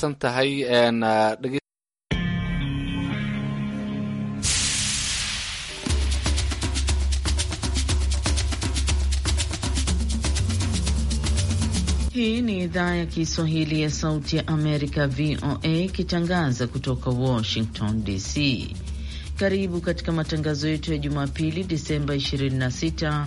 Tahay, uh, hii ni idhaa ya Kiswahili ya Sauti ya Amerika VOA ikitangaza kutoka Washington DC. Karibu katika matangazo yetu ya Jumapili Disemba 26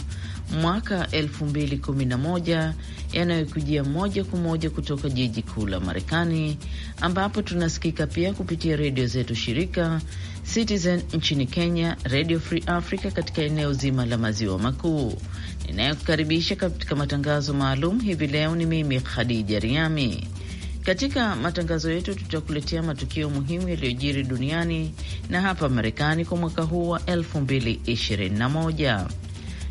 mwaka 2011 yanayokujia moja kwa moja kutoka jiji kuu la Marekani, ambapo tunasikika pia kupitia redio zetu shirika Citizen nchini Kenya, Radio Free Africa katika eneo zima la maziwa makuu. Ninayekukaribisha katika matangazo maalum hivi leo ni mimi Khadija Riami. Katika matangazo yetu tutakuletea matukio muhimu yaliyojiri duniani na hapa Marekani kwa mwaka huu wa 2021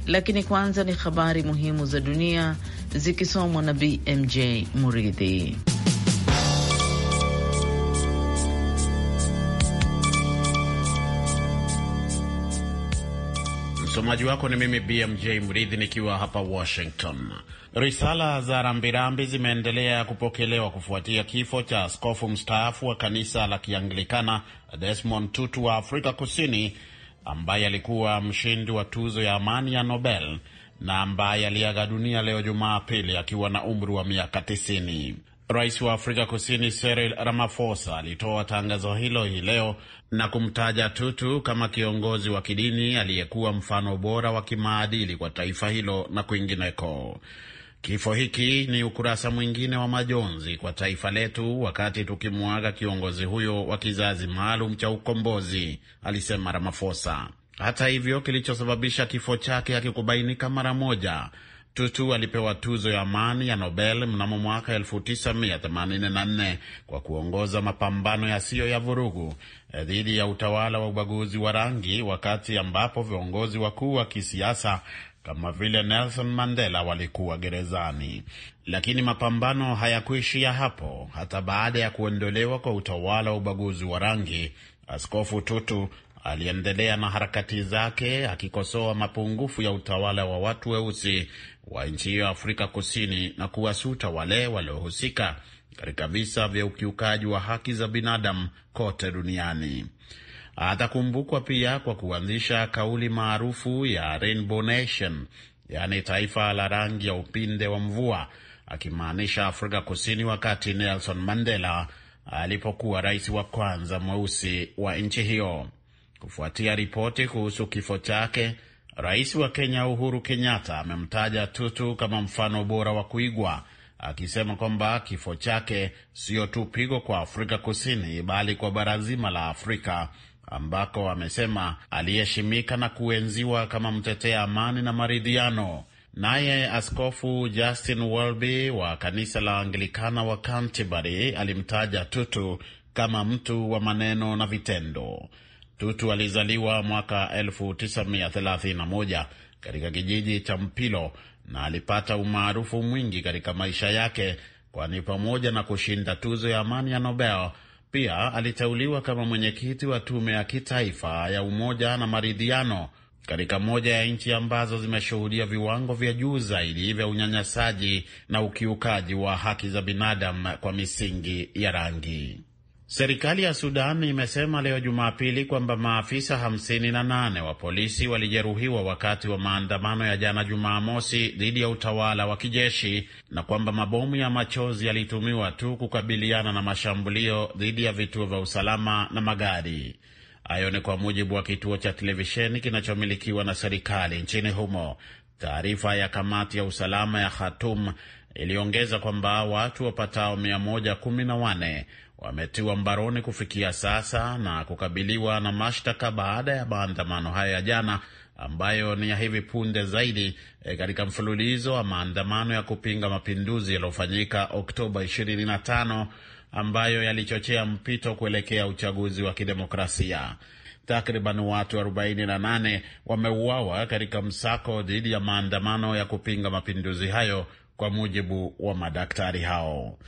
lakini kwanza ni habari muhimu za dunia zikisomwa na BMJ Muridhi. Msomaji wako ni mimi BMJ Mridhi nikiwa hapa Washington. Risala za rambirambi zimeendelea kupokelewa kufuatia kifo cha askofu mstaafu wa kanisa la Kianglikana Desmond Tutu wa Afrika Kusini ambaye alikuwa mshindi wa tuzo ya amani ya Nobel na ambaye aliaga dunia leo Jumapili akiwa na umri wa miaka 90. Rais wa Afrika Kusini Cyril Ramaphosa alitoa tangazo hilo hii leo na kumtaja Tutu kama kiongozi wa kidini aliyekuwa mfano bora wa kimaadili kwa taifa hilo na kwingineko. Kifo hiki ni ukurasa mwingine wa majonzi kwa taifa letu, wakati tukimwaga kiongozi huyo wa kizazi maalum cha ukombozi, alisema ramafosa Hata hivyo, kilichosababisha kifo chake hakikubainika mara moja. Tutu alipewa tuzo ya amani ya Nobel mnamo mwaka 1984 kwa kuongoza mapambano yasiyo ya vurugu eh, dhidi ya utawala wa ubaguzi wa rangi, wakati ambapo viongozi wakuu wa kisiasa kama vile Nelson Mandela walikuwa gerezani. Lakini mapambano hayakuishia hapo. Hata baada ya kuondolewa kwa utawala wa ubaguzi wa rangi, Askofu Tutu aliendelea na harakati zake akikosoa mapungufu ya utawala wa watu weusi wa nchi hiyo Afrika Kusini na kuwasuta wale waliohusika katika visa vya ukiukaji wa haki za binadamu kote duniani. Atakumbukwa pia kwa kuanzisha kauli maarufu ya Rainbow Nation, yaani taifa la rangi ya upinde wa mvua, akimaanisha Afrika Kusini wakati Nelson Mandela alipokuwa rais wa kwanza mweusi wa nchi hiyo. Kufuatia ripoti kuhusu kifo chake, rais wa Kenya Uhuru Kenyatta amemtaja Tutu kama mfano bora wa kuigwa, akisema kwamba kifo chake siyo tu pigo kwa Afrika Kusini bali kwa bara zima la Afrika ambako amesema aliheshimika na kuenziwa kama mtetea amani na maridhiano. Naye Askofu Justin Welby wa kanisa la Anglikana wa Canterbury alimtaja Tutu kama mtu wa maneno na vitendo. Tutu alizaliwa mwaka 1931 katika kijiji cha Mpilo na alipata umaarufu mwingi katika maisha yake, kwani pamoja na kushinda tuzo ya amani ya Nobel pia aliteuliwa kama mwenyekiti wa tume ya kitaifa ya umoja na maridhiano katika moja ya nchi ambazo zimeshuhudia viwango vya juu zaidi vya unyanyasaji na ukiukaji wa haki za binadamu kwa misingi ya rangi. Serikali ya Sudan imesema leo Jumapili kwamba maafisa 58 wa polisi walijeruhiwa wakati wa maandamano ya jana Jumamosi dhidi ya utawala wa kijeshi na kwamba mabomu ya machozi yalitumiwa tu kukabiliana na mashambulio dhidi ya vituo vya usalama na magari. Hayo ni kwa mujibu wa kituo cha televisheni kinachomilikiwa na serikali nchini humo. Taarifa ya kamati ya usalama ya Khartoum iliongeza kwamba watu wapatao 114 wametiwa mbaroni kufikia sasa na kukabiliwa na mashtaka baada ya maandamano hayo ya jana ambayo ni ya hivi punde zaidi e, katika mfululizo wa maandamano ya kupinga mapinduzi yaliyofanyika Oktoba 25 ambayo yalichochea mpito kuelekea uchaguzi wa kidemokrasia. Takriban watu 48 wameuawa katika msako dhidi ya maandamano ya kupinga mapinduzi hayo kwa mujibu wa madaktari hao.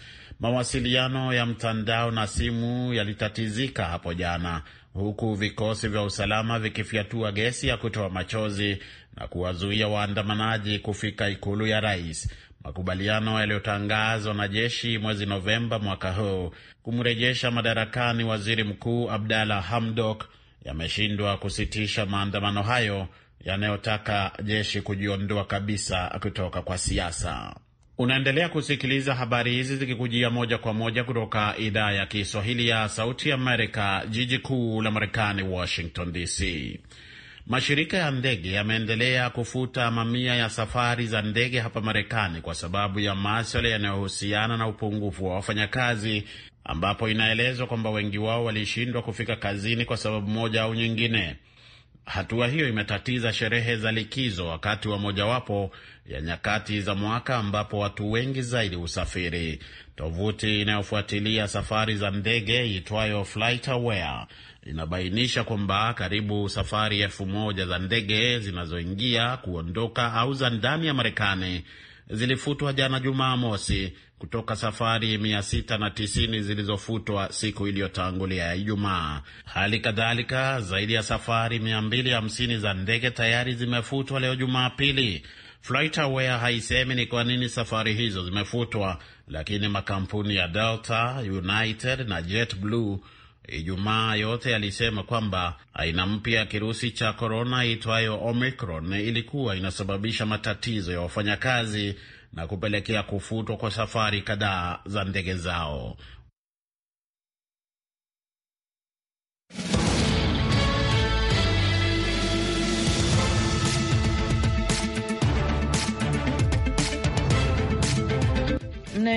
Mawasiliano ya mtandao na simu yalitatizika hapo jana, huku vikosi vya usalama vikifyatua gesi ya kutoa machozi na kuwazuia waandamanaji kufika ikulu ya rais. Makubaliano yaliyotangazwa na jeshi mwezi Novemba mwaka huu kumrejesha madarakani waziri mkuu Abdalla Hamdok yameshindwa kusitisha maandamano hayo yanayotaka jeshi kujiondoa kabisa kutoka kwa siasa. Unaendelea kusikiliza habari hizi zikikujia moja kwa moja kutoka idhaa ya Kiswahili ya Sauti Amerika, jiji kuu la Marekani, Washington DC. Mashirika ya ndege yameendelea kufuta mamia ya safari za ndege hapa Marekani kwa sababu ya maswala yanayohusiana na upungufu wa wafanyakazi, ambapo inaelezwa kwamba wengi wao walishindwa kufika kazini kwa sababu moja au nyingine. Hatua hiyo imetatiza sherehe za likizo wakati wa mojawapo ya nyakati za mwaka ambapo watu wengi zaidi husafiri. Tovuti inayofuatilia safari za ndege iitwayo FlightAware inabainisha kwamba karibu safari elfu moja za ndege zinazoingia, kuondoka au za ndani ya Marekani zilifutwa jana Jumamosi kutoka safari 690 zilizofutwa siku iliyotangulia ya Ijumaa. Hali kadhalika, zaidi ya safari 250 za ndege tayari zimefutwa leo Jumapili. FlightAware haisemi ni kwa nini safari hizo zimefutwa, lakini makampuni ya Delta, United na JetBlue Ijumaa yote alisema kwamba aina mpya ya kirusi cha korona itwayo Omicron ilikuwa inasababisha matatizo ya wafanyakazi na kupelekea kufutwa kwa safari kadhaa za ndege zao.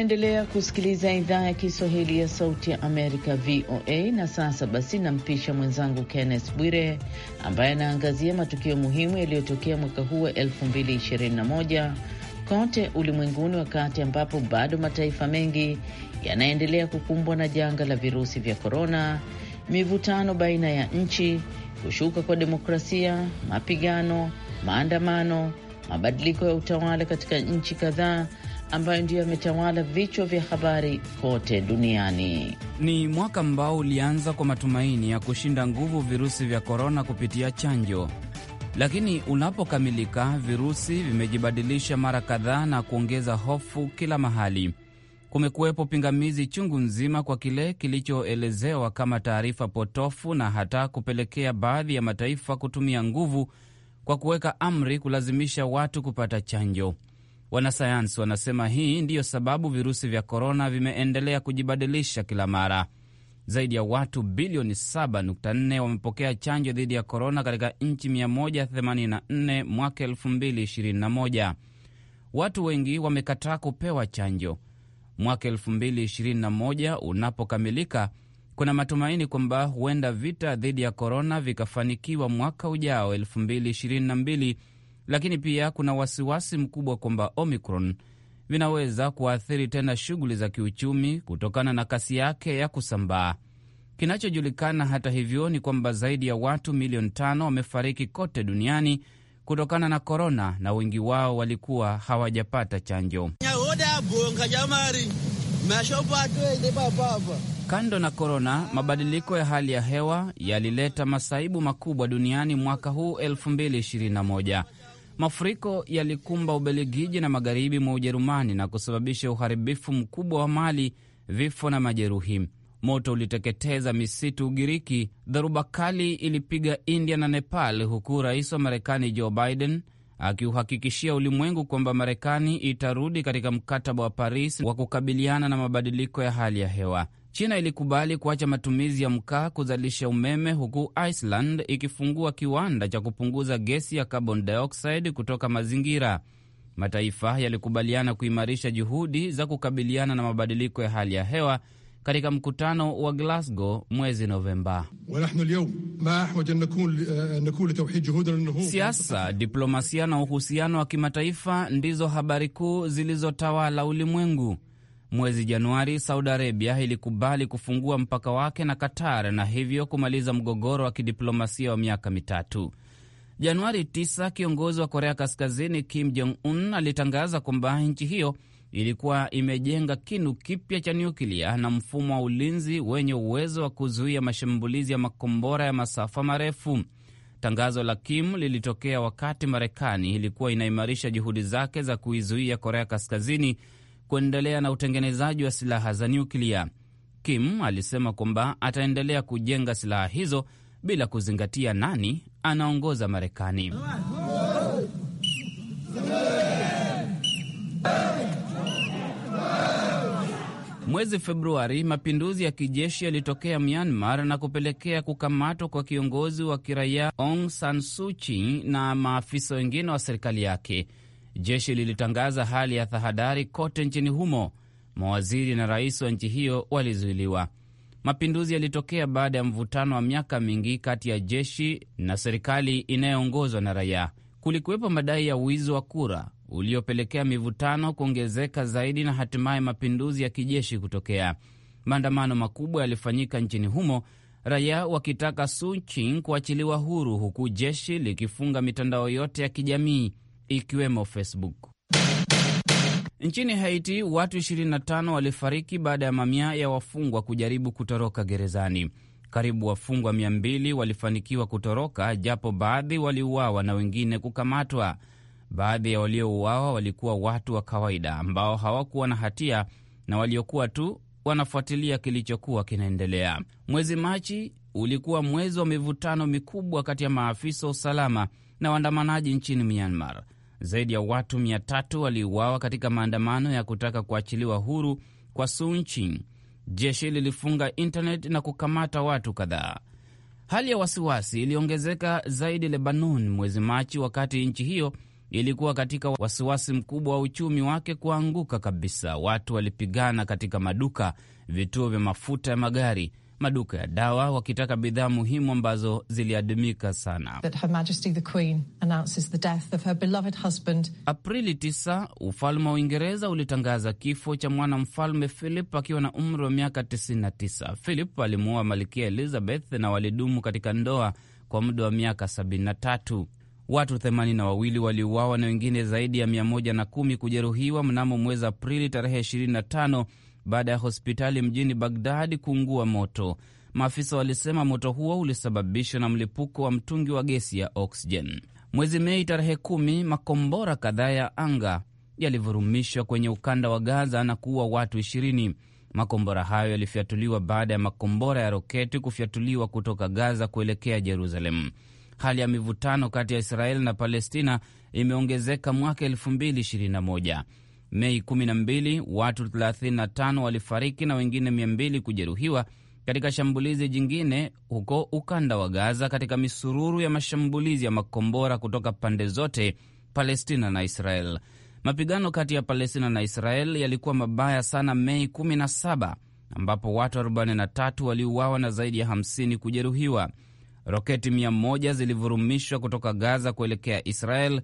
Unaendelea kusikiliza idhaa ya Kiswahili ya Sauti ya Amerika, VOA. Na sasa basi, nampisha mwenzangu Kenneth Bwire ambaye anaangazia matukio muhimu yaliyotokea mwaka huu wa 2021 kote ulimwenguni, wakati ambapo bado mataifa mengi yanaendelea kukumbwa na janga la virusi vya korona, mivutano baina ya nchi, kushuka kwa demokrasia, mapigano, maandamano, mabadiliko ya utawala katika nchi kadhaa ambayo ndiyo yametawala vichwa vya habari kote duniani. Ni mwaka ambao ulianza kwa matumaini ya kushinda nguvu virusi vya korona kupitia chanjo, lakini unapokamilika, virusi vimejibadilisha mara kadhaa na kuongeza hofu kila mahali. Kumekuwepo pingamizi chungu nzima kwa kile kilichoelezewa kama taarifa potofu na hata kupelekea baadhi ya mataifa kutumia nguvu kwa kuweka amri kulazimisha watu kupata chanjo. Wanasayansi wanasema hii ndiyo sababu virusi vya korona vimeendelea kujibadilisha kila mara. Zaidi ya watu bilioni 7.4 wamepokea chanjo dhidi ya korona katika nchi 184 mwaka 2021. Watu wengi wamekataa kupewa chanjo. Mwaka 2021 unapokamilika, kuna matumaini kwamba huenda vita dhidi ya korona vikafanikiwa mwaka ujao 2022 lakini pia kuna wasiwasi mkubwa kwamba Omicron vinaweza kuathiri tena shughuli za kiuchumi kutokana na kasi yake ya kusambaa. Kinachojulikana hata hivyo ni kwamba zaidi ya watu milioni tano wamefariki kote duniani kutokana na korona, na wengi wao walikuwa hawajapata chanjo. Kando na korona, mabadiliko ya hali ya hewa yalileta masaibu makubwa duniani mwaka huu 2021. Mafuriko yalikumba Ubelgiji na magharibi mwa Ujerumani na kusababisha uharibifu mkubwa wa mali, vifo na majeruhi. Moto uliteketeza misitu Ugiriki. Dharuba kali ilipiga India na Nepal, huku rais wa Marekani Joe Biden akiuhakikishia ulimwengu kwamba Marekani itarudi katika mkataba wa Paris wa kukabiliana na mabadiliko ya hali ya hewa. China ilikubali kuacha matumizi ya mkaa kuzalisha umeme huku Iceland ikifungua kiwanda cha kupunguza gesi ya carbon dioxide kutoka mazingira. Mataifa yalikubaliana kuimarisha juhudi za kukabiliana na mabadiliko ya hali ya hewa katika mkutano wa Glasgow mwezi Novemba. Eh, Siasa, diplomasia na uhusiano wa kimataifa ndizo habari kuu zilizotawala ulimwengu. Mwezi Januari, Saudi Arabia ilikubali kufungua mpaka wake na Qatar na hivyo kumaliza mgogoro wa kidiplomasia wa miaka mitatu. Januari 9 kiongozi wa Korea Kaskazini Kim Jong Un alitangaza kwamba nchi hiyo ilikuwa imejenga kinu kipya cha nyuklia na mfumo wa ulinzi wenye uwezo wa kuzuia mashambulizi ya makombora ya masafa marefu. Tangazo la Kim lilitokea wakati Marekani ilikuwa inaimarisha juhudi zake za kuizuia Korea Kaskazini kuendelea na utengenezaji wa silaha za nyuklia. Kim alisema kwamba ataendelea kujenga silaha hizo bila kuzingatia nani anaongoza Marekani. Mwezi Februari, mapinduzi ya kijeshi yalitokea Myanmar na kupelekea kukamatwa kwa kiongozi wa kiraia Aung San Suu Kyi na maafisa wengine wa serikali yake. Jeshi lilitangaza hali ya tahadhari kote nchini humo. Mawaziri na rais wa nchi hiyo walizuiliwa. Mapinduzi yalitokea baada ya mvutano wa miaka mingi kati ya jeshi na serikali inayoongozwa na raia. Kulikuwepo madai ya wizi wa kura uliopelekea mivutano kuongezeka zaidi na hatimaye mapinduzi ya kijeshi kutokea. Maandamano makubwa yalifanyika nchini humo, raia wakitaka Suu Kyi kuachiliwa huru, huku jeshi likifunga mitandao yote ya kijamii ikiwemo Facebook. Nchini Haiti watu 25 walifariki baada ya mamia ya wafungwa kujaribu kutoroka gerezani. Karibu wafungwa 200 walifanikiwa kutoroka, japo baadhi waliuawa na wengine kukamatwa. Baadhi ya waliouawa walikuwa watu wa kawaida ambao hawakuwa na hatia na waliokuwa tu wanafuatilia kilichokuwa kinaendelea. Mwezi Machi ulikuwa mwezi wa mivutano mikubwa kati ya maafisa wa usalama na waandamanaji nchini Myanmar. Zaidi ya watu 300 waliuawa katika maandamano ya kutaka kuachiliwa huru kwa Suu Kyi. Jeshi lilifunga intnet na kukamata watu kadhaa. Hali ya wasiwasi iliongezeka zaidi Lebanon mwezi Machi, wakati nchi hiyo ilikuwa katika wasiwasi mkubwa wa uchumi wake kuanguka kabisa. Watu walipigana katika maduka, vituo vya mafuta ya magari maduka ya dawa wakitaka bidhaa muhimu ambazo ziliadimika sana. Aprili 9 ufalme wa Uingereza ulitangaza kifo cha mwanamfalme Philip akiwa na umri wa miaka 99. Philip alimuoa malkia Elizabeth na walidumu katika ndoa kwa muda wa miaka 73. Watu 82 waliuawa na wengine zaidi ya 110 kujeruhiwa mnamo mwezi Aprili tarehe 25 baada ya hospitali mjini Bagdad kuungua moto. Maafisa walisema moto huo ulisababishwa na mlipuko wa mtungi wa gesi ya oksjen Mwezi Mei tarehe kumi, makombora kadhaa ya anga yalivurumishwa kwenye ukanda wa Gaza na kuua watu ishirini. Makombora hayo yalifyatuliwa baada ya makombora ya roketi kufyatuliwa kutoka Gaza kuelekea Jerusalemu. Hali ya mivutano kati ya Israeli na Palestina imeongezeka mwaka 2021. Mei 12 watu 35 walifariki na wengine 200 kujeruhiwa katika shambulizi jingine huko ukanda wa Gaza, katika misururu ya mashambulizi ya makombora kutoka pande zote, Palestina na Israel. Mapigano kati ya Palestina na Israel yalikuwa mabaya sana Mei 17, ambapo watu 43 waliuawa na zaidi ya 50 kujeruhiwa. Roketi 100 zilivurumishwa kutoka Gaza kuelekea Israel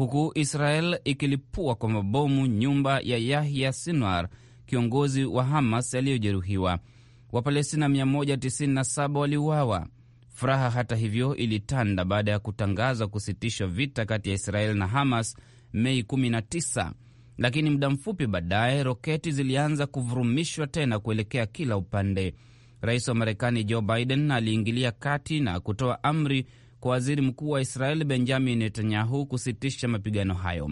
huku Israel ikilipua kwa mabomu nyumba ya Yahya Sinwar, kiongozi wa Hamas aliyojeruhiwa. Wapalestina 197 waliuawa. Furaha hata hivyo ilitanda baada ya kutangaza kusitishwa vita kati ya Israel na Hamas Mei 19, lakini muda mfupi baadaye roketi zilianza kuvurumishwa tena kuelekea kila upande. Rais wa Marekani Joe Biden aliingilia kati na kutoa amri kwa waziri mkuu wa israel Benjamin Netanyahu kusitisha mapigano hayo.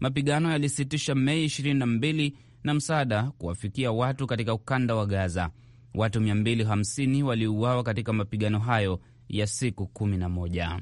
Mapigano yalisitishwa Mei 22 na msaada kuwafikia watu katika ukanda wa Gaza. Watu 250 waliuawa katika mapigano hayo ya siku 11.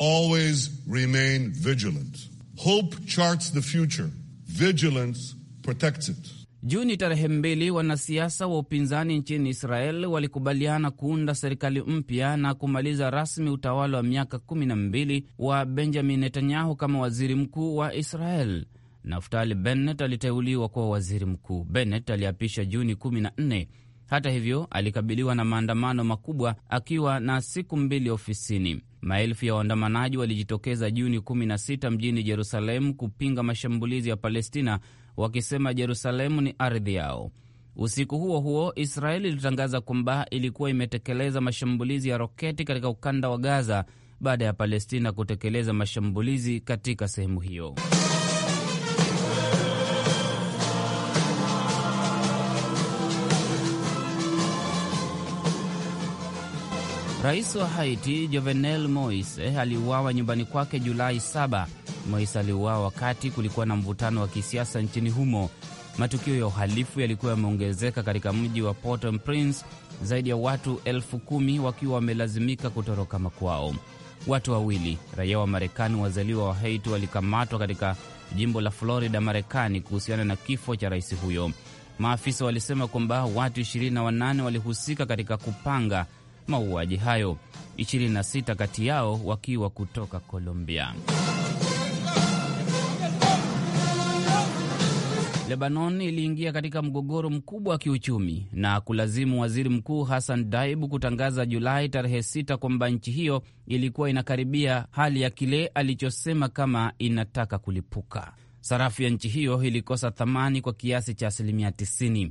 Always remain vigilant. Hope charts the future. Vigilance protects it. Juni tarehe mbili, wanasiasa wa upinzani nchini Israel walikubaliana kuunda serikali mpya na kumaliza rasmi utawala wa miaka kumi na mbili wa Benjamin Netanyahu kama waziri mkuu wa Israel. Naftali Bennett aliteuliwa kuwa waziri mkuu. Bennett aliapisha Juni 14. Hata hivyo, alikabiliwa na maandamano makubwa akiwa na siku mbili ofisini. Maelfu ya waandamanaji walijitokeza Juni 16 mjini Jerusalemu kupinga mashambulizi ya Palestina wakisema jerusalemu ni ardhi yao. Usiku huo huo, Israeli ilitangaza kwamba ilikuwa imetekeleza mashambulizi ya roketi katika ukanda wa Gaza baada ya Palestina kutekeleza mashambulizi katika sehemu hiyo. Rais wa Haiti Jovenel Moise aliuawa nyumbani kwake Julai 7. Moise aliuawa wakati kulikuwa na mvutano wa kisiasa nchini humo. Matukio ya uhalifu yalikuwa yameongezeka katika mji wa Port-au-Prince, zaidi ya watu elfu kumi wakiwa wamelazimika kutoroka makwao. Watu wawili raia wa Marekani wazaliwa wa Haiti walikamatwa katika jimbo la Florida, Marekani, kuhusiana na kifo cha rais huyo. Maafisa walisema kwamba watu 28 walihusika katika kupanga mauaji hayo, 26 kati yao wakiwa kutoka Colombia. Lebanon iliingia katika mgogoro mkubwa wa kiuchumi na kulazimu waziri mkuu Hassan daib kutangaza Julai tarehe 6 kwamba nchi hiyo ilikuwa inakaribia hali ya kile alichosema kama inataka kulipuka. Sarafu ya nchi hiyo ilikosa thamani kwa kiasi cha asilimia 90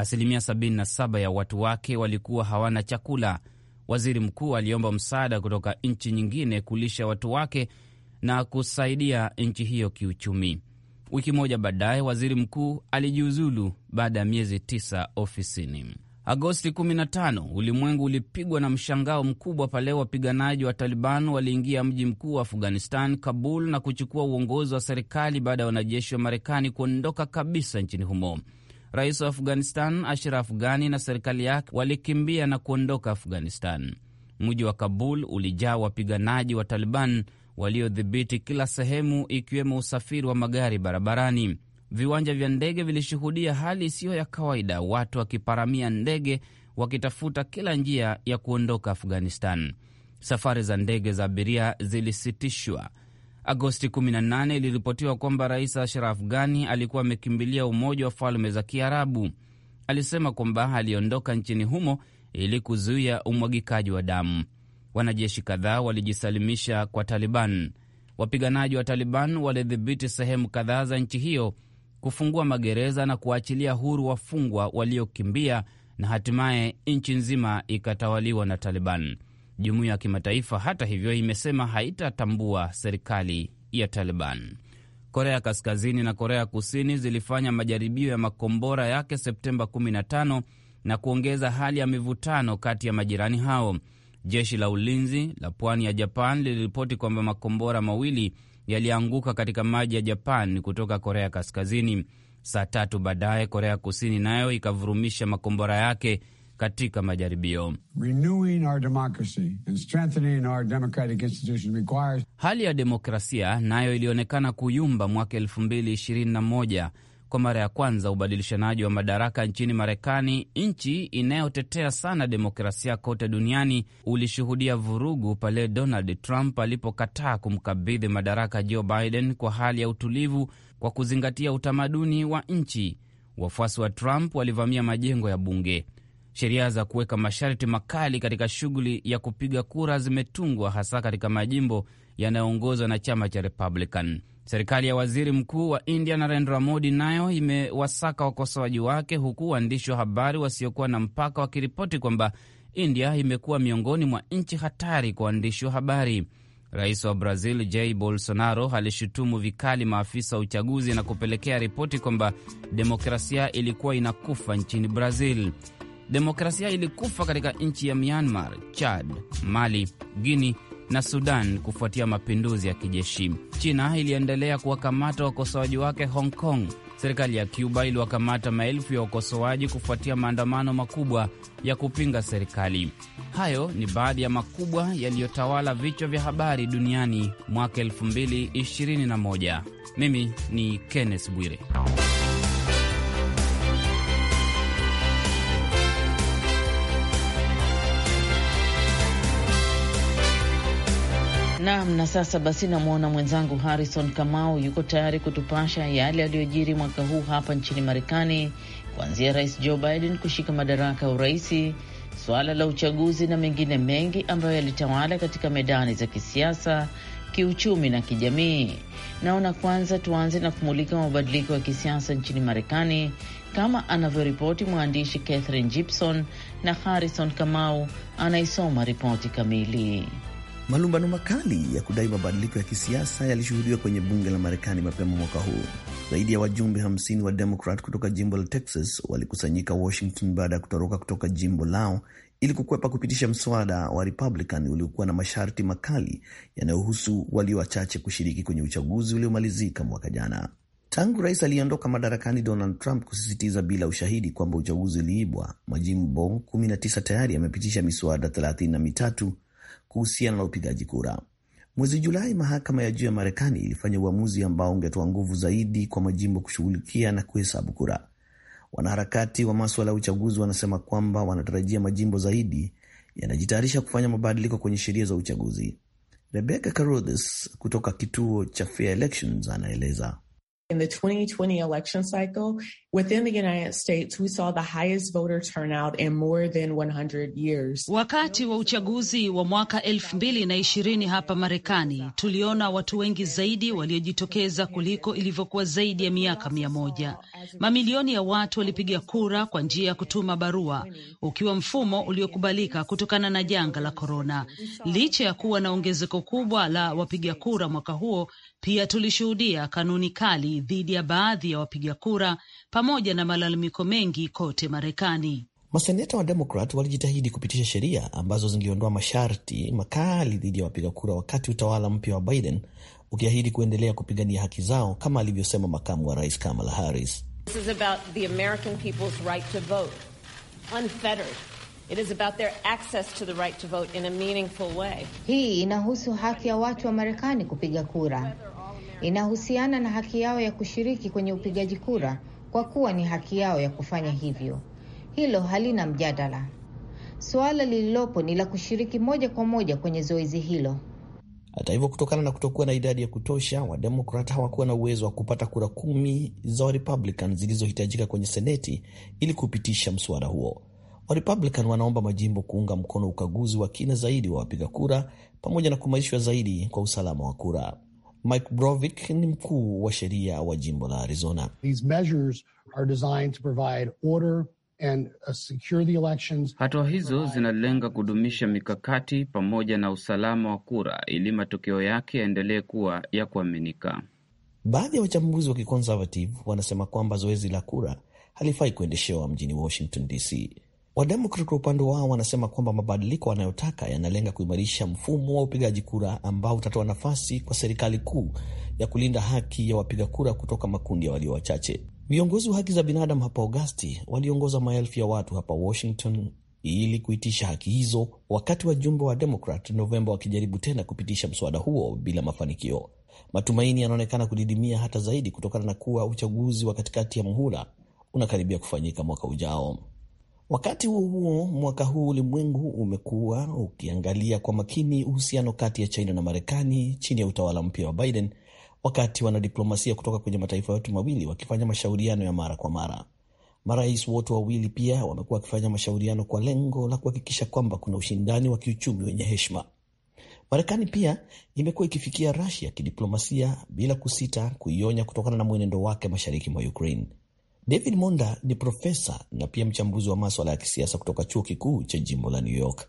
asilimia 77 ya watu wake walikuwa hawana chakula. Waziri mkuu aliomba msaada kutoka nchi nyingine kulisha watu wake na kusaidia nchi hiyo kiuchumi. Wiki moja baadaye, waziri mkuu alijiuzulu baada ya miezi tisa ofisini. Agosti 15 ulimwengu ulipigwa na mshangao mkubwa pale wapiganaji wa Taliban waliingia mji mkuu wa Afghanistan, Kabul, na kuchukua uongozi wa serikali baada ya wanajeshi wa Marekani kuondoka kabisa nchini humo. Rais wa Afghanistan Ashraf Ghani na serikali yake walikimbia na kuondoka Afghanistan. Mji wa Kabul ulijaa wapiganaji wa Taliban waliodhibiti kila sehemu, ikiwemo usafiri wa magari barabarani. Viwanja vya ndege vilishuhudia hali isiyo ya kawaida, watu wakiparamia ndege wakitafuta kila njia ya kuondoka Afghanistan. Safari za ndege za abiria zilisitishwa Agosti 18 iliripotiwa kwamba Rais Ashraf Ghani alikuwa amekimbilia Umoja wa Falme za Kiarabu. Alisema kwamba aliondoka nchini humo ili kuzuia umwagikaji wa damu. Wanajeshi kadhaa walijisalimisha kwa Taliban. Wapiganaji wa Taliban walidhibiti sehemu kadhaa za nchi hiyo, kufungua magereza na kuwaachilia huru wafungwa waliokimbia, na hatimaye nchi nzima ikatawaliwa na Taliban. Jumuiya ya kimataifa hata hivyo imesema haitatambua serikali ya Taliban. Korea Kaskazini na Korea Kusini zilifanya majaribio ya makombora yake Septemba 15 na kuongeza hali ya mivutano kati ya majirani hao. Jeshi la ulinzi la pwani ya Japan liliripoti kwamba makombora mawili yalianguka katika maji ya Japan kutoka Korea Kaskazini. Saa tatu baadaye, Korea Kusini nayo ikavurumisha makombora yake katika majaribio. Requires... hali ya demokrasia nayo ilionekana kuyumba mwaka 2021 kwa mara ya kwanza ubadilishanaji wa madaraka nchini Marekani, nchi inayotetea sana demokrasia kote duniani, ulishuhudia vurugu pale Donald Trump alipokataa kumkabidhi madaraka Joe Biden kwa hali ya utulivu, kwa kuzingatia utamaduni wa nchi. Wafuasi wa Trump walivamia majengo ya bunge. Sheria za kuweka masharti makali katika shughuli ya kupiga kura zimetungwa hasa katika majimbo yanayoongozwa na chama cha Republican. Serikali ya waziri mkuu wa India Narendra Modi nayo imewasaka wakosoaji wake, huku waandishi wa habari wasiokuwa na mpaka wakiripoti kwamba India imekuwa miongoni mwa nchi hatari kwa waandishi wa habari. Rais wa Brazil Jair Bolsonaro alishutumu vikali maafisa wa uchaguzi na kupelekea ripoti kwamba demokrasia ilikuwa inakufa nchini Brazil demokrasia ilikufa katika nchi ya Myanmar, Chad, Mali, Guini na Sudan kufuatia mapinduzi ya kijeshi. China iliendelea kuwakamata wakosoaji wake Hong Kong. Serikali ya Cuba iliwakamata maelfu ya wakosoaji kufuatia maandamano makubwa ya kupinga serikali. Hayo ni baadhi ya makubwa yaliyotawala vichwa vya habari duniani mwaka 2021. Mimi ni Kenneth Bwire. Naam, Na sasa basi, namwona mwenzangu Harrison Kamau yuko tayari kutupasha yale yaliyojiri mwaka huu hapa nchini Marekani, kuanzia Rais Joe Biden kushika madaraka ya uraisi, suala la uchaguzi na mengine mengi ambayo yalitawala katika medani za kisiasa, kiuchumi na kijamii. Naona kwanza tuanze na kumulika mabadiliko ya kisiasa nchini Marekani kama anavyoripoti mwandishi Catherine Gibson, na Harrison Kamau anaisoma ripoti kamili. Malumbano makali ya kudai mabadiliko ya kisiasa yalishuhudiwa kwenye bunge la Marekani mapema mwaka huu. Zaidi ya wajumbe 50 wa Demokrat kutoka jimbo la Texas walikusanyika Washington baada ya kutoroka kutoka jimbo lao ili kukwepa kupitisha mswada wa Republican uliokuwa na masharti makali yanayohusu walio wachache kushiriki kwenye uchaguzi uliomalizika mwaka jana. Tangu rais aliyeondoka madarakani Donald Trump kusisitiza bila ushahidi kwamba uchaguzi uliibwa, majimbo 19 tayari yamepitisha miswada 33 kuhusiana na upigaji kura. Mwezi Julai, mahakama ya juu ya Marekani ilifanya uamuzi ambao ungetoa nguvu zaidi kwa majimbo kushughulikia na kuhesabu kura. Wanaharakati wa maswala ya uchaguzi wanasema kwamba wanatarajia majimbo zaidi yanajitayarisha kufanya mabadiliko kwenye sheria za uchaguzi. Rebecca Carothers kutoka kituo cha Fair Elections anaeleza. In the 2020 election cycle, Within the United States, we saw the highest voter turnout in more than 100 years. Wakati wa uchaguzi wa mwaka elfu mbili na ishirini hapa Marekani tuliona watu wengi zaidi waliojitokeza kuliko ilivyokuwa zaidi ya miaka mia moja. Mamilioni ya watu walipiga kura kwa njia ya kutuma barua, ukiwa mfumo uliokubalika kutokana na janga la korona. Licha ya kuwa na ongezeko kubwa la wapiga kura mwaka huo, pia tulishuhudia kanuni kali dhidi ya baadhi ya wapiga kura pamoja na malalamiko mengi kote Marekani. Maseneta wa Demokrat walijitahidi kupitisha sheria ambazo zingeondoa masharti makali dhidi ya wapiga kura, wakati utawala mpya wa Biden ukiahidi kuendelea kupigania haki zao, kama alivyosema makamu wa rais Kamala Harris. Hii inahusu haki ya watu wa Marekani kupiga kura, inahusiana na haki yao ya kushiriki kwenye upigaji kura kwa kuwa ni haki yao ya kufanya hivyo. Hilo halina mjadala. Suala lililopo ni la kushiriki moja kwa moja kwenye zoezi hilo. Hata hivyo, kutokana na kutokuwa na idadi ya kutosha, Wademokrat hawakuwa na uwezo wa kupata kura kumi za Warepublican zilizohitajika kwenye Seneti ili kupitisha mswada huo. Warepublican wanaomba majimbo kuunga mkono ukaguzi wa kina zaidi wa wapiga kura pamoja na kumaishwa zaidi kwa usalama wa kura. Mike Brovick ni mkuu wa sheria wa jimbo la Arizona. These measures are designed to provide order and uh, secure the elections. Hatua hizo zinalenga kudumisha mikakati pamoja na usalama wa kura ili matokeo yake yaendelee kuwa ya kuaminika. Baadhi ya wachambuzi wa kiconservative wanasema kwamba zoezi la kura halifai kuendeshewa mjini Washington DC. Wademokrat kwa upande wao wanasema kwamba mabadiliko wanayotaka yanalenga kuimarisha mfumo wa upigaji kura ambao utatoa nafasi kwa serikali kuu ya kulinda haki ya wapiga kura kutoka makundi ya walio wachache. Viongozi wa haki za binadamu hapa Agosti waliongoza maelfu ya watu hapa Washington ili kuitisha haki hizo, wakati wajumbe wa Demokrat Novemba wakijaribu tena kupitisha mswada huo bila mafanikio. Matumaini yanaonekana kudidimia hata zaidi kutokana na kuwa uchaguzi wa katikati ya muhula unakaribia kufanyika mwaka ujao. Wakati huo huo, mwaka huu ulimwengu umekuwa ukiangalia kwa makini uhusiano kati ya China na Marekani chini ya utawala mpya wa Biden, wakati wanadiplomasia kutoka kwenye mataifa yote mawili wakifanya mashauriano ya mara kwa mara. Marais wote wawili pia wamekuwa wakifanya mashauriano kwa lengo la kuhakikisha kwamba kuna ushindani wa kiuchumi wenye heshima. Marekani pia imekuwa ikifikia rasia kidiplomasia bila kusita kuionya kutokana na mwenendo wake mashariki mwa Ukraine. David Monda ni profesa na pia mchambuzi wa maswala ya kisiasa kutoka chuo kikuu cha jimbo la New York.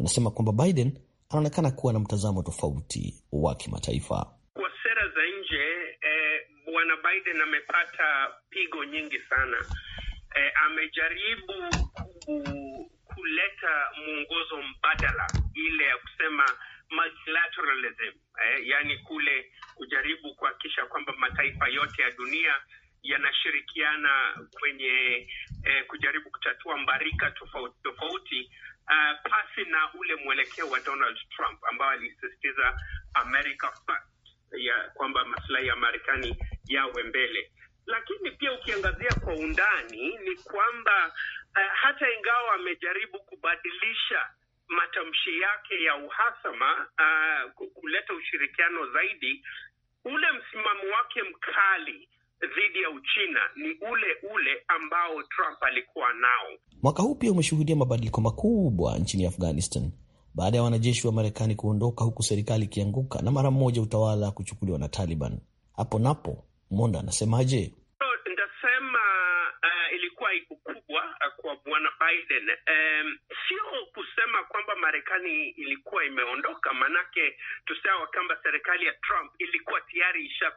Anasema kwamba Biden anaonekana kuwa na mtazamo tofauti wa kimataifa kwa sera za nje. Eh, bwana Biden amepata pigo nyingi sana. Eh, amejaribu ku, kuleta mwongozo mbadala ile ya kusema multilateralism eh, yani kule kujaribu kuhakikisha kwamba mataifa yote ya dunia yanashirikiana kwenye eh, kujaribu kutatua mbarika tofauti tofauti uh, pasi na ule mwelekeo wa Donald Trump ambao alisisitiza America first, ya kwamba masilahi ya Marekani yawe mbele. Lakini pia ukiangazia kwa undani ni kwamba uh, hata ingawa amejaribu kubadilisha matamshi yake ya uhasama uh, kuleta ushirikiano zaidi, ule msimamo wake mkali dhidi ya Uchina ni ule ule ambao Trump alikuwa nao. Mwaka huu pia umeshuhudia mabadiliko makubwa nchini Afghanistan baada ya wanajeshi wa Marekani kuondoka huku serikali ikianguka na mara mmoja utawala kuchukuliwa na Taliban. Hapo napo Monda anasemaje? So, ndasema uh, ilikuwa iku kubwa uh, kwa bwana Biden. Um, sio kusema kwamba Marekani ilikuwa imeondoka, manake tusawa kwamba serikali ya Trump ilikuwa tayari isha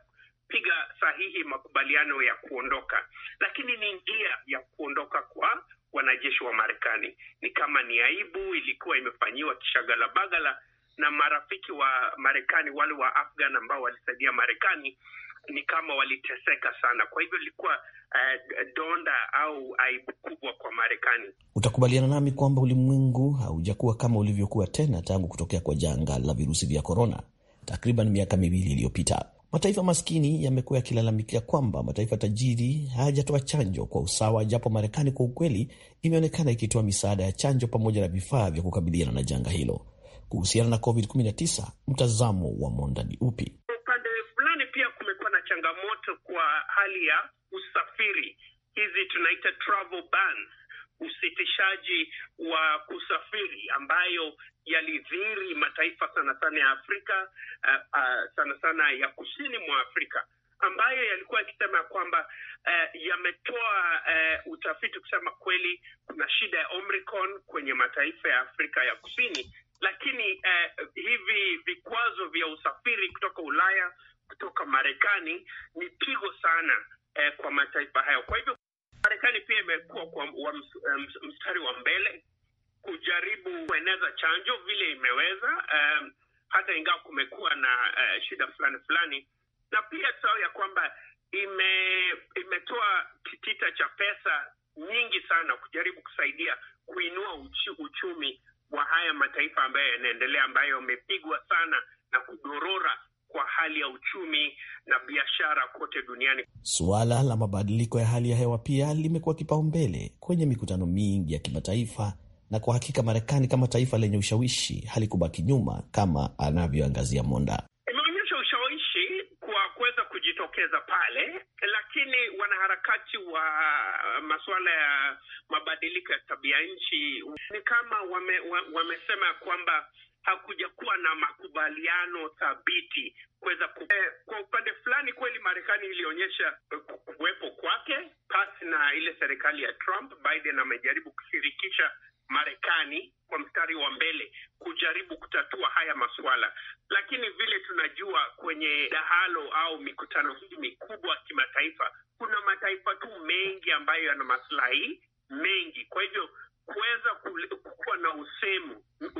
kupiga sahihi makubaliano ya kuondoka, lakini ni njia ya kuondoka kwa wanajeshi wa Marekani. Ni kama ni aibu ilikuwa imefanyiwa kishagalabagala na marafiki wa Marekani wale wa Afghan ambao walisaidia Marekani ni kama waliteseka sana. Kwa hivyo ilikuwa uh, donda au aibu kubwa kwa Marekani. Utakubaliana nami kwamba ulimwengu haujakuwa kama ulivyokuwa tena tangu kutokea kwa janga la virusi vya korona takriban miaka miwili iliyopita. Mataifa maskini yamekuwa yakilalamikia kwamba mataifa tajiri hayajatoa chanjo kwa usawa, japo Marekani kwa ukweli imeonekana ikitoa misaada ya chanjo pamoja na vifaa vya kukabiliana na janga hilo. Kuhusiana na COVID-19, mtazamo wa Monda ni upi? upande fulani pia kumekuwa na changamoto kwa hali ya usafiri, hizi tunaita travel usitishaji wa kusafiri ambayo yalidhiri mataifa sana sana ya Afrika uh, uh, sana sana ya kusini mwa Afrika ambayo yalikuwa yakisema ya kwamba uh, yametoa uh, utafiti kusema kweli kuna shida ya Omicron kwenye mataifa ya Afrika ya kusini, lakini uh, hivi vikwazo vya usafiri kutoka Ulaya kutoka Marekani ni pigo sana uh, kwa mataifa hayo. Kwa hivyo Marekani pia imekuwa kwa wa eh, mstari wa mbele kujaribu kueneza chanjo vile imeweza, um, hata ingawa kumekuwa na uh, shida fulani fulani, na pia tusahau ya kwamba ime, imetoa kitita cha pesa nyingi sana kujaribu kusaidia kuinua uchi, uchumi wa haya mataifa ambayo yanaendelea ambayo yamepigwa sana na kudorora kwa hali ya uchumi na biashara kote duniani. Suala la mabadiliko ya hali ya hewa pia limekuwa kipaumbele kwenye mikutano mingi ya kimataifa, na kwa hakika Marekani kama taifa lenye ushawishi halikubaki nyuma, kama anavyoangazia Monda. Imeonyesha ushawishi kwa kuweza kujitokeza pale, lakini wanaharakati wa masuala ya mabadiliko ya tabia nchi ni kama wame, ya kwamba hakuja kuwa na makubaliano thabiti kuweza ku... Eh, kwa upande fulani kweli Marekani ilionyesha eh, kuwepo kwake pasi na ile serikali ya Trump. Biden amejaribu kushirikisha Marekani kwa mstari wa mbele kujaribu kutatua haya masuala, lakini vile tunajua kwenye dahalo au mikutano hii mikubwa kimataifa, kuna mataifa tu mengi ambayo yana maslahi mengi, kwa hivyo kuweza kuwa na usemu,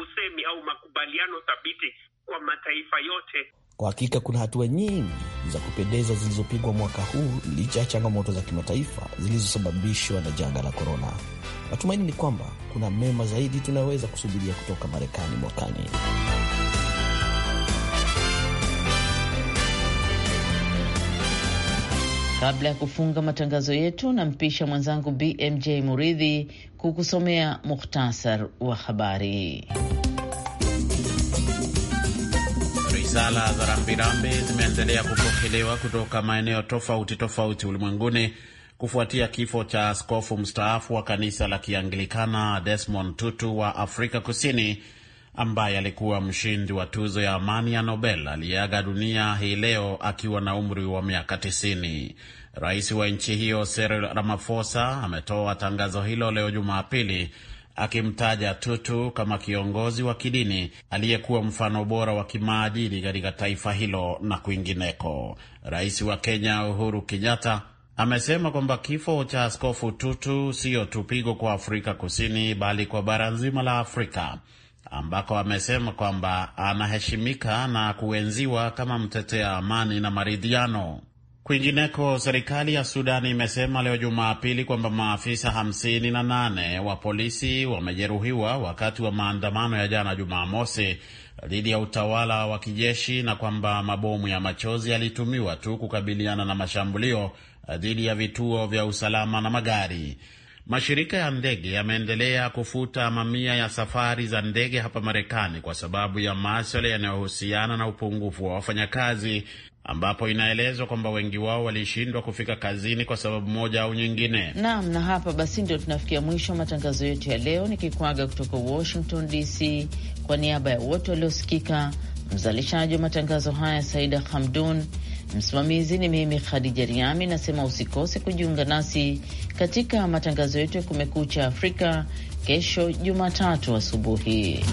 usemi au makubaliano thabiti kwa mataifa yote. Kwa hakika kuna hatua nyingi za kupendeza zilizopigwa mwaka huu licha ya changamoto za kimataifa zilizosababishwa na janga la korona. Matumaini ni kwamba kuna mema zaidi tunaweza kusubiria kutoka Marekani mwakani. Kabla ya kufunga matangazo yetu, nampisha mwenzangu BMJ Muridhi kukusomea muhtasar wa habari. Risala za rambirambi zimeendelea kupokelewa kutoka maeneo tofauti tofauti ulimwenguni kufuatia kifo cha askofu mstaafu wa kanisa la Kianglikana Desmond Tutu wa Afrika Kusini ambaye alikuwa mshindi wa tuzo ya amani ya Nobel aliyeaga dunia hii leo akiwa na umri wa miaka 90. Rais wa nchi hiyo Cyril Ramaphosa ametoa tangazo hilo leo Jumapili akimtaja Tutu kama kiongozi wa kidini aliyekuwa mfano bora wa kimaadili katika taifa hilo na kwingineko. Rais wa Kenya Uhuru Kenyatta amesema kwamba kifo cha Askofu Tutu siyo tu pigo kwa Afrika Kusini bali kwa bara nzima la Afrika ambako amesema kwamba anaheshimika na kuenziwa kama mtetea amani na maridhiano. Kwingineko, serikali ya Sudani imesema leo Jumapili kwamba maafisa 58 wa polisi wamejeruhiwa wakati wa maandamano ya jana Jumamosi dhidi ya utawala wa kijeshi na kwamba mabomu ya machozi yalitumiwa tu kukabiliana na mashambulio dhidi ya vituo vya usalama na magari. Mashirika ya ndege yameendelea kufuta mamia ya safari za ndege hapa Marekani kwa sababu ya maswala yanayohusiana na upungufu wa wafanyakazi, ambapo inaelezwa kwamba wengi wao walishindwa kufika kazini kwa sababu moja au nyingine. Naam, na hapa basi ndio tunafikia mwisho matangazo yetu ya leo, nikikwaga kutoka Washington DC kwa niaba ya wote waliosikika, mzalishaji wa matangazo haya Saida Hamdun. Msimamizi ni mimi Khadija Riami, nasema usikose kujiunga nasi katika matangazo yetu ya Kumekucha Afrika kesho Jumatatu asubuhi.